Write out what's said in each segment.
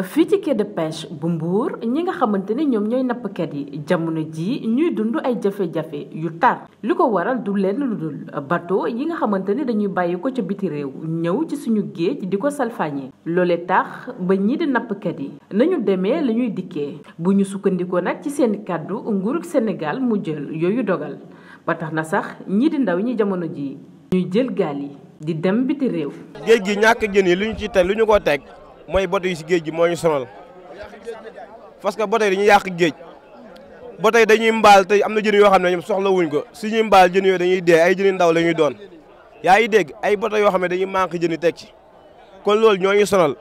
fii de pêche bu mbuur ñi nga xamante ne ñoom ñooy nappkat yi jamono jii ñuy dund ay jafe-jafe yu tar li ko waral du lenn lu dul bateau yi nga xamante ne dañuy bàyyi ko ca biti réew ñëw ci suñu géej di ko salfaañe loole tax ba ñii di nappkat yi nañu demee la ñuy dikkee bu ñu sukkandikoo nag ci seen kàddu nguurug Sénégal mu jël yooyu dogal ba tax na sax ñii di ndaw ñi jamono jii ñuy jël gaal yi di dem biti réew. géej gi ñàkk jën yi lu ñu ci teg lu ñu ko teg. mooy bato yi si géej gi moo ñu sonal parce que bato yi dañuy yàq géej bato yi dañuy mbaal te am na jën yoo xam ne ñoom soxla wuñ ko su ñuy mbaal jën yoo dañuy dee ay jëni ndaw la ñuy doon yaa ngi dégg ay bato yoo xam ne dañuy manqué jëni teg ci kon loolu ñoo ñu sonal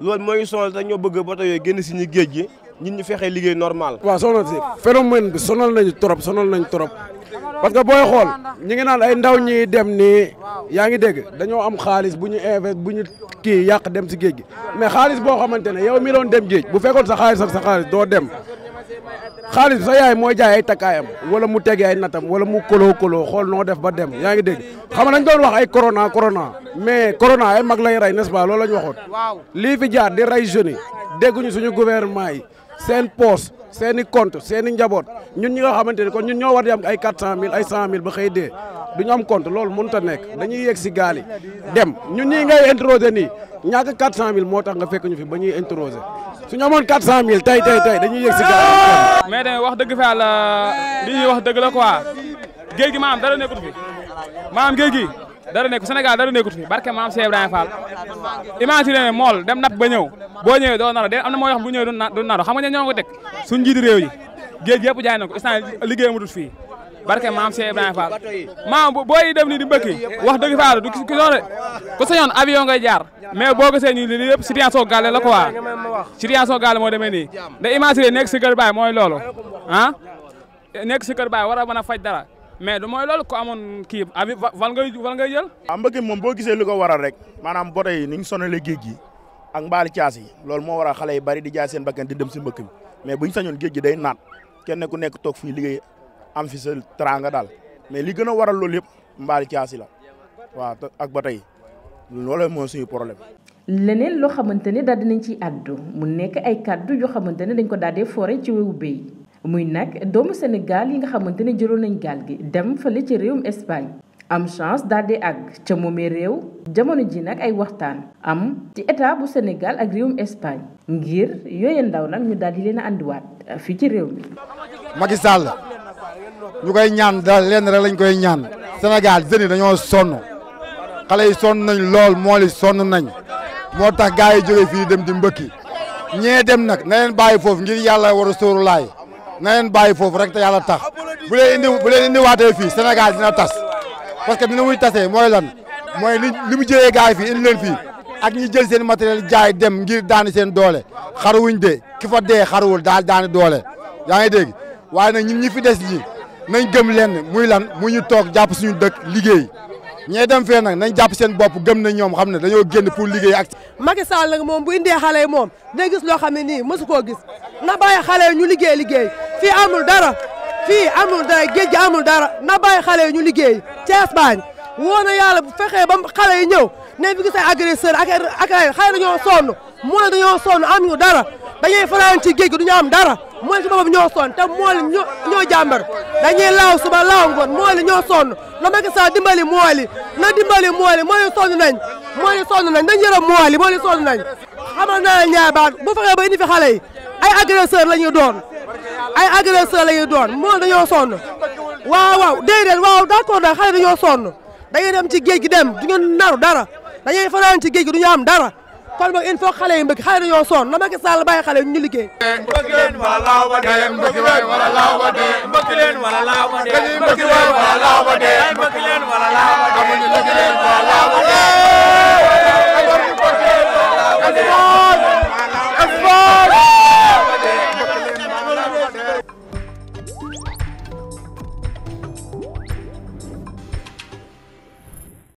loolu moo ñu sonal te ñoo bëgg bato yooyu génn si ñu géej gi ñun ñu fexee liggéey normal. waa soxna si phénomène bi sonal nañu trop sonal nañu trop. parce que booy xool ñi ngi naan ay ndaw ñi dem nii yaa ngi dégg dañoo am xaalis bu ñu invest bu ñu kii yàq dem si géej gi mais xaalis boo xamante ne yow mi dem géej bu fekkoon sa xaalis ak sa xaalis doo dem xaalis sa yaay mooy jaay ay takkaayam wala mu teg ay natam wala mu koloo koloo xool noo def ba dem yaa ngi dégg xam nañ doon wax ay corona corona mais corona ay mag lay rey n'est-ce pas loolu la ñu waxoon lii fi jaar di rey jeunes yi dégguñu suñu gouvernement yi seen poos seen i compte seen i njaboot ñun ñi nga xamante ni kon ñun ñoo war di am ay quatre cent mille ay cent mille ba xëy dee du ñu am compte loolu mënut a nekk dañuy yegg si gaal dem ñun ñii ngay introsé nii ñàkk quatre cent mille moo tax nga fekk ñu fi ba ñuy introsé su ñu amoon quatre cent mille tey tey tey dañuy yegg si gaal yi. mais tamit wax dëgg fa yàlla ñuy wax dëgg la quoi géej gi maam dara nekkut fi maam géej dara nekk senegal dara nekkut fi barke maam Cheikh Ibrahima Fall mool dem napp ba ñëw boo ñëwee doo naro de am na moo yoo xam bu ñëwee du naro xam nga ne ñoo ngi ko teg suñu njiitu jaay na ko instant liggéey barke maam Cheikh Ibrahima maam boo dem nii di mbëkki wax dëgg Fall du ki soone ku sañoon avion ngay jaar mais boo gisee ñu li yëpp situation gàlle la quoi situation gàlle moo demee nii da imagine nekk si kër baay mooy ah? nekk si kër baay war a mën a faj dara mais du mooy loolu ko amoon kii abi val ngay val jël. waaw moom boo gisee li ko waral rek maanaam bote yi ni ñu sonalee géej gi ak mbaali caas yi loolu moo waral xale yi bari di jaay seen bakkan di dem si mbëkk bi mais buñ sañoon géej gi day naat kenn ku nekk toog fii liggéey am fi sa teraanga daal mais li gën a waral loolu yëpp mbaali caas yi la waaw ak ba tey loolu mooy suñu problème. leneen loo xamante ne daal dinañ ci àddu mu nekk ay kàddu yoo xamante ne dañ ko daal di foore muy nag doomu Sénégal yi nga xamante ne jëloon nañu gaal gi dem fële ci réewum Espagne am chance daldi di ca moomee réew jamono ji nag ay waxtaan am ci état bu Sénégal ak réewum Espagne ngir yooye ndaw nag ñu daal di leen a àndiwaat fii ci réew mi. Macky Sall ñu koy ñaan da leen rek lañ koy ñaan Sénégal jeunes yi dañoo sonn xale yi sonn nañ lool moo yi sonn nañ moo tax gars yi jógee fii dem di mbëkki ñee dem nag na leen bàyyi foofu ngir yàlla war a na leen bàyyi foofu rek te yàlla tax bu leen indi waate leen indi waatee fii Sénégal dina tas parce que dina muy tase mooy lan mooy li li mu jëlee gars yi fii leen fii ak ñi jël seen matériel jaay dem ngir daani seen doole xaruwuñ de ki fa dee xaruwul daal daani doole yaa ngi dégg waaye nag ñun ñi fi des ñi nañ gëm lenn muy lan mu ñu toog jàpp suñu dëkk liggéey ñee dem fee nag nañ jàpp seen bopp gëm na ñoom xam ne dañoo génn pour liggéey ak. Macky Sall moom bu indee xale yi moom xam ne nii mësu koo gis na ñu liggéey liggéey. fii amul dara fii amul dara géej amul dara na bàyyi xale yi ñu liggéey Thiès baañ woo na yàlla bu fexee ba xale yi ñëw ne fi gis ay agresseur ak ak ay xale dañoo sonn da dañoo sonn amuñu dara dañuy fanaan ci géej gi duñu am dara mooy si boppam ñoo sonn te mool ñoo jàmbar dañuy laaw suba laaw ngoon mool ñoo sonn na Macky Sall dimbali mool yi na dimbali mool yi mool sonn nañ mool sonn nañ dañ yërëm mool yi mool sonn nañ xamal naa ñaabaan bu fexee ba indi fi xale yi ay agresseur la ñuy doon ay agresseur la ñuy doon moo dañoo sonn waaw waaw déedéet waaw d'accord daal xale dañoo sonn da ngay dem ci géej gi dem du ngeen naru dara dañuy fanaan ci géej gi du am dara kon boog il faut xale yi mbëgg xale dañoo sonn na Macky Sall bàyyi xale yi ñu liggéey. mbëgg ba dee